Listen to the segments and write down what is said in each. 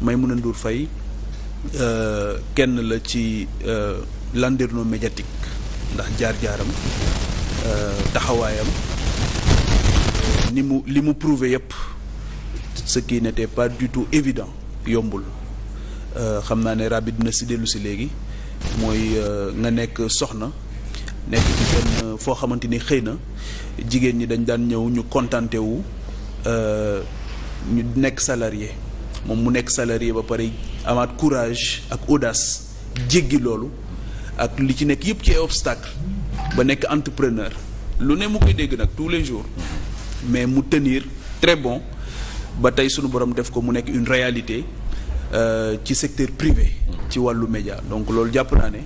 mun Maïmouna Ndour Faye euh, kenn la ci euh, landerneau médiatique ndax jaar-jaaram euh, taxawaayam ni mu li mu prouvé yëpp kii qui n'était pas du tout évident yombul xam naa ne Rabi dina si dellu si léegi mooy nga nekk soxna nekk ci benn foo xamante ni xëy na jigéen ñi dañ daan ñëw ñu contenté wu ñu nekk salarié moom mu nekk salarié ba pare amaat courage ak audace jéggi loolu ak li ci nekk yëpp ci ay obstacle ba nekk entrepreneur lu ne mu koy dégg nag tous les jours mais mu tenir très bon ba tey sunu borom def ko mu nekk une réalité euh, ci secteur privé ci wàllu média donc loolu jàpp naa ne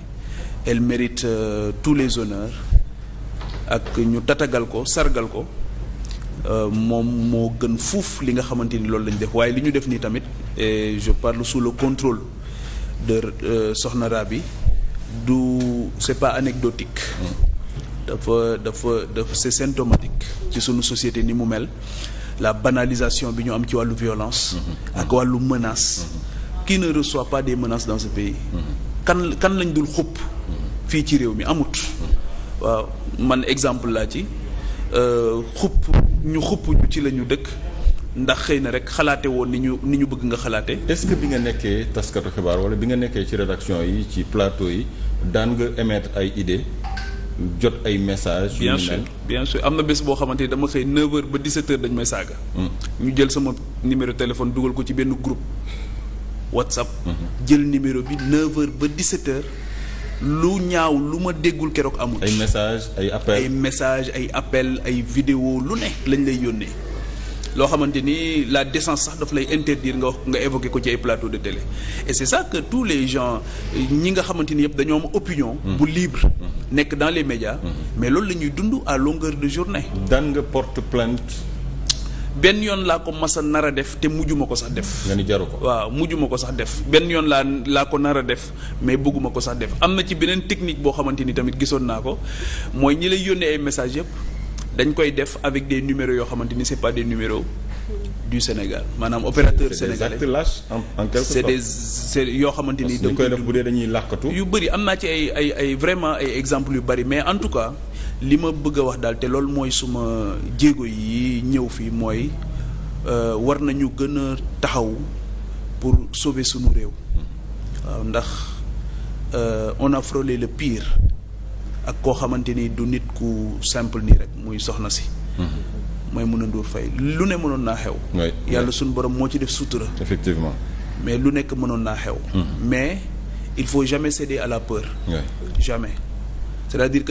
elle mérite euh, tous les honneurs ak ñu tatagal ko sargal ko Euh, moom moo gën fuuf li nga xamante ni loolu lañ def waaye li ñu def nii tamit e je parle sous le contrôle de euh, Soxna Rabi du c'est pas anecdotique dafa dafa dafa c'est symptomatique ci sunu société ni mu mel la banalisation bi ñu am ci wàllu violence ak wàllu menace qui ne reçoit pas des menaces dans ce pays kan lañ dul xupp fii ci réew mi amut waaw man exemple laa ci euh, xupp ñu xupp ñu ci la ñu dëkk ndax xëy na rek xalaate woon ni ñu ni ñu bëgg nga xalaate est-ce que bi nga nekkee taskatu xibaar wala bi nga nekkee ci rédaction yi ci plateau yi daan nga émettre ay idées jot ay messages. bien sûr bien sûr am na bés boo xamante ni dama xëy 9 ba 17h dañ may saaga. Hmm. ñu jël sama numéro téléphone dugal ko ci benn groupe WhatsApp. Hmm. jël numéro bi 9 ba 17h. lu ñaaw lu ma déggul keroog amul. ay message ay appel ay ay appel ay vidéo lu ne lañ lay yónnee loo xamante ni la décence sax daf lay interdire nga wax nga évoquer ko ci ay plateau de télé et c'est ça que tous les gens ñi nga xamante ni yëpp dañoo am opinion. Mm. bu libre mm. nekk dans les médias. Mm. mais loolu la ñuy dund à longueur de journée. daan nga porte plainte. benn yoon laa ko mas a nar a def te mujjuma ko sax def. nga ni jaru ko waaw mujjuma ko sax def benn yoon laa laa ko nar a def mais bëgguma ko sax def am na ci beneen technique boo xamante ni tamit gisoon naa ko mooy ñi lay yónnee ay messages yëpp dañ koy def avec des numéros yoo xamante ni c'est pas des numéros. du Sénégal maanaam opérateur sénégalais c'est des actes lâches en des c'est yoo xamante ni. dañ koy def bu dee dañuy làkkatu. yu bëri am naa ci ay ay ay vraiment ay exemples yu bëri mais en tout cas. li ma bëgg a wax daal te loolu mooy suma jéego yi ñëw fii mooy euh, war nañu gën a taxaw pour sauver sunu réew waaw ndax euh, on a frôlé le pire ak koo xamante ni du nit ku simple nii rek muy soxna si mm-hmm. mooy mun a nduur fay lu ne mënoon naa xew yàlla suñu borom moo ci def sutura effectivement mais lu nekk mënoon naa xew mm-hmm. mais il faut jamais céder à la peur jamais c'est-à-dire que